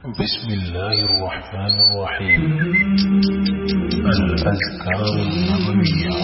بسم الله الرحمن الرحيم الأذكار النبوية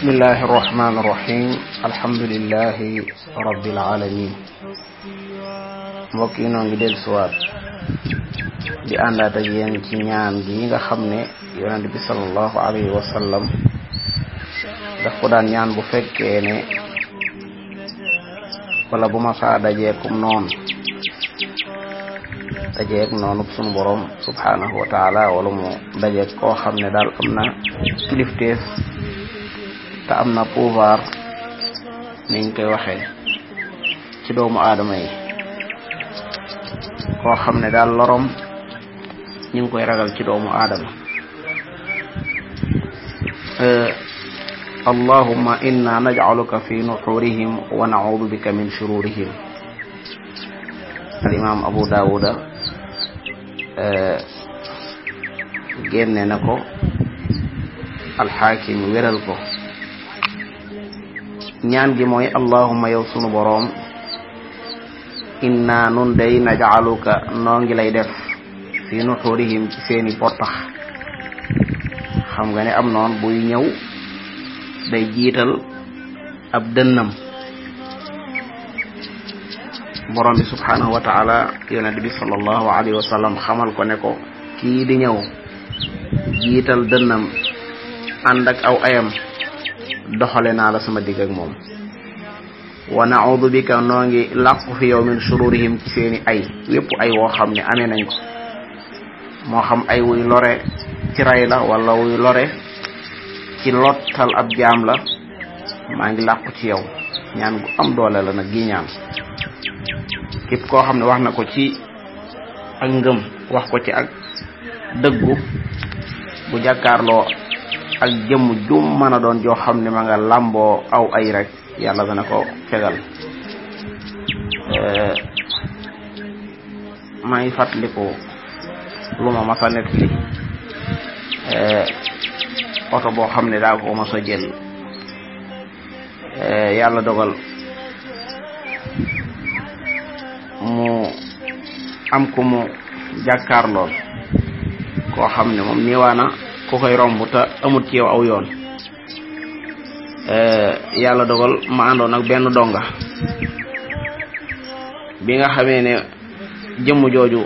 bismillahi irrahman irrahim alhamdulilahi rabbil alamin mbokk yi noo ngi del suwaat di àndaat ak yéen ci ñaan gi nga xam ne di bi salallahu alayhi wa sallam daf ko daan ñaan bu fekkee ne wala bu ma saa dajeekum noonu dajeeg noonu sunu borom subhanahu wa taala wala mu dajeeg koo xam ne daal kilifteef te am na pouvoir niñ koy waxee ci doomu aadama yi koo xam ne daal lorom ñu ngi koy ragal ci doomu aadama eh, allahumma inna naj'aluka fi nuxurihim wa na'uudu bika min shururihim al imam abu daawuda eh, génne na ko alxaakim wéral ko ñaan gi mooy allahuma yow sunu boroom inna nun day najaaluka noo ngi lay def fi nuxurihim ci seeni pottax xam nga ne am noon buy ñëw day jiital ab dënnam borom bi subhanahu wa taala yonent bi sallallahu alayhi wa sallam xamal ko ne ko di ñëw jiital dënnam ànd ak aw ayam doxale naa la sama digg ak moom wa naudu bika noo ngi làqu fi yow min shururihim ci seeni ay yépp ay woo xam ne amee nañ ko moo xam ay wuy lore ci rey la wala wuy lore ci lottal ab jaam la maa ngi làqu ci yow ñaan gu am doole la nag gi ñaan képp koo xam ne wax na ko ci ak ngëm wax ko ci ak dëggu bu jàkkaarloo ak jëmm jum mën a doon joo xam ne ma nga aw ay rek yàlla dana ko fegal eh, maa ngi fàttaliku lu ma mas a nett eh, oto boo xam ne daa ko mas a eh, yàlla dogal mu am ko mu jàkkaar lool koo xam ne moom niwaana ku koy romb te amut ci yow aw yoon yàlla dogal ma àndoon ak benn donga bi nga xamee ne jëmm jooju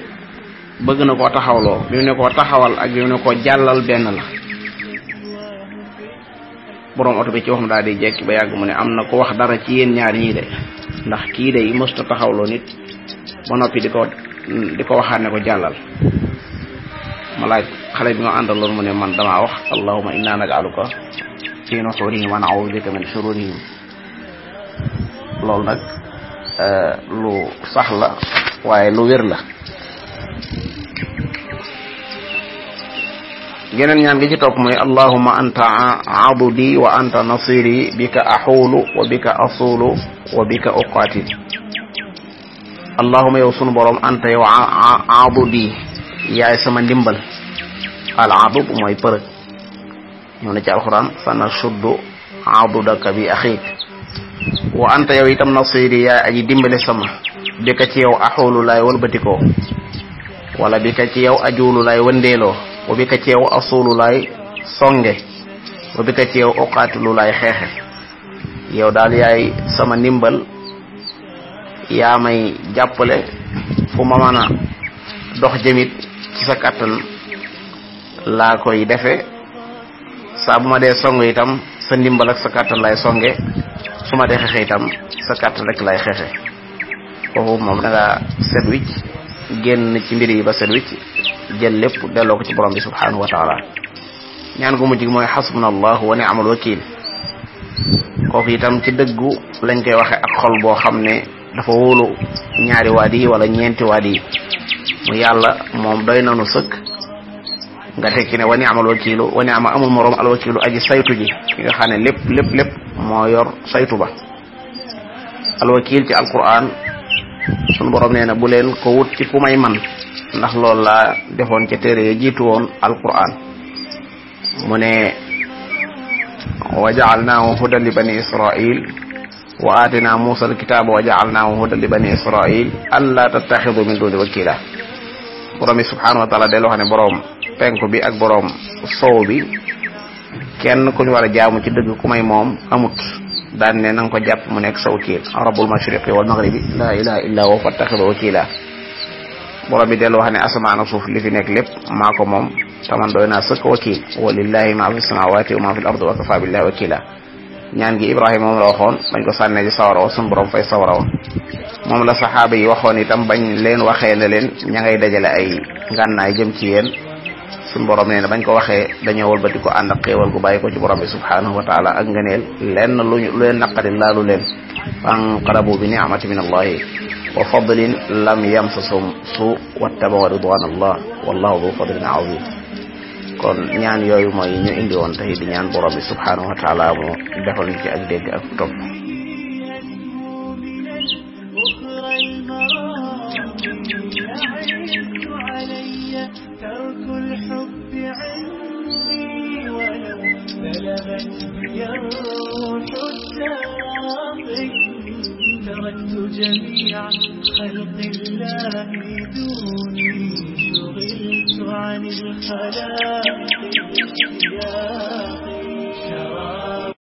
bëgg na koo taxawloo bi mu ne koo taxawal ak bi koo jàllal benn la boroom oto bi ci waxam daal di jekk ba yàgg mu ne am na ko wax dara ci yéen ñaar ñii de ndax kii de mësta taxawloo nit ba noppi ko di ko waxaat ne ko jàllal ma laaj xale bi nga àndaloon mu ne man damaa wax allahuma inna naj'aluka fi nuxurihim wa na'uudu bika min shururihim loolu nag eh, lu sax la lu wér la geneen ñaan gi ci topp mooy allahuma anta abudi wa anta nasiri bika axuulu wa bika asuulu wa bika uqaatil allahuma yow sunu borom anta yow abudi yaay sama ndimbal al adud mooy përëg ñëw na ci alxuraan sana suddu adudaka bi axiik wa anta yow itam nasiri yaay aji dimbale sama bi ka ci yow axoolu laay walbatikoo wala bi ci yow ajuulu laay wëndeeloo wa bi ci yow asuulu laay songe wa bi ci yow oqaatilu laay xeexe yow daal yaay sama ndimbal yaa may jàppale fu ma dox jëmit ci sa kàttan laa koy defe saa bu ma dee song itam sa ndimbalak sa kàttan lay songe su ma dee xeexe itam sa kàttan rek lay xeexe kooku moom da nga set wicc génn ci mbir yi ba wicc jël lépp delloo ko ci borom bi subhanahu wa taala ñaan gu mujj gi mooy xasbuna allahu wa ni'mal wakil kooku itam ci dëggu lañ koy waxe ak xol boo xam ne dafa wóolu ñaari waadi yi wala ñeenti waadi yi mu yàlla moom doy nanu sëkk nga tekki ne wani amal wakilu wani ama amul morom al wakilu aji saytu ji ki nga xam ne lépp lépp lépp moo yor saytu ba al wakil ci alquran sunu borom nee na bu leen ko wut ci ku may man ndax loolu laa defoon ci téere ya jiitu woon alquran mu ne wa jaalnaahu hudan li bani israil wa aatina musa alkitaaba wa jaalnaahu hudan li bani israil an tattaxidu min duni wakila borom bi subhanahu wa taala delloo xam ne borom penk bi ak boroom sow bi kenn ku ñu war a jaamu ci dëgg ku may moom amut daan ne na ko jàpp mu nekk sa wakiil rabbul mashriqi wa maghribi laa ilaha illa huwa fattaxidu wakiila boroom bi dellu wax ne asamaan ak suuf li fi nekk lépp maa ko moom taman doy naa sëkk wakiil walillahi ma fi samawati wa ma fi l ard wa kafa billahi wakiila ñaan gi ibrahima moom la waxoon bañ ko sànnee ci sawara wa suñu fay sawara wa moom la saxaaba yi waxoon itam bañ leen waxee ne leen ña ngay dajale ay ngànnaay suñu borom nee na bañ ko waxee dañoo walbati ko ànd ak xéewal gu bàyyi ko ci borom bi subhanahu wa taala ak ngëneel lenn luñu lu leen naqari laalu leen fanqalabu bi ni'mati mi allahi wa fadlin lam yamsasum su wattabawa ridwan allah wallahu du fadlin azim kon ñaan yooyu mooy ñu indi woon tey di ñaan borom bi subhanahu wa taala mu defal ñu ci ak dégg ak topp جميع خلق الله دوني شغلت عن الخلائق